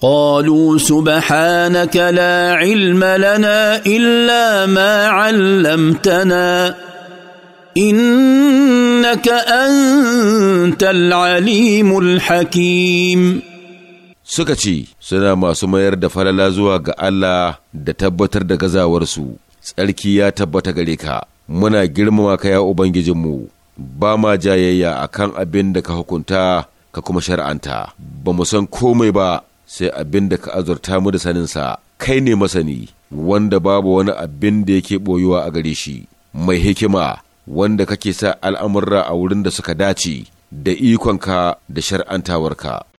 قالوا سبحانك لا علم لنا الا ما علمتنا انك انت العليم الحكيم suka ce suna masu mayar da falala zuwa ga Allah da tabbatar da gazawarsu tsarki ya tabbata gare ka muna girmama ka ya ubangijinmu ba ma jayayya akan abin da ka hukunta ka kuma shar'anta ba mu san komai ba sai abin da ka azurta mu da saninsa kai ne masani wanda babu wani abin da yake boyuwa a gare shi mai hikima wanda kake sa al'amurra a wurin da suka dace da ikonka da shar'antawarka.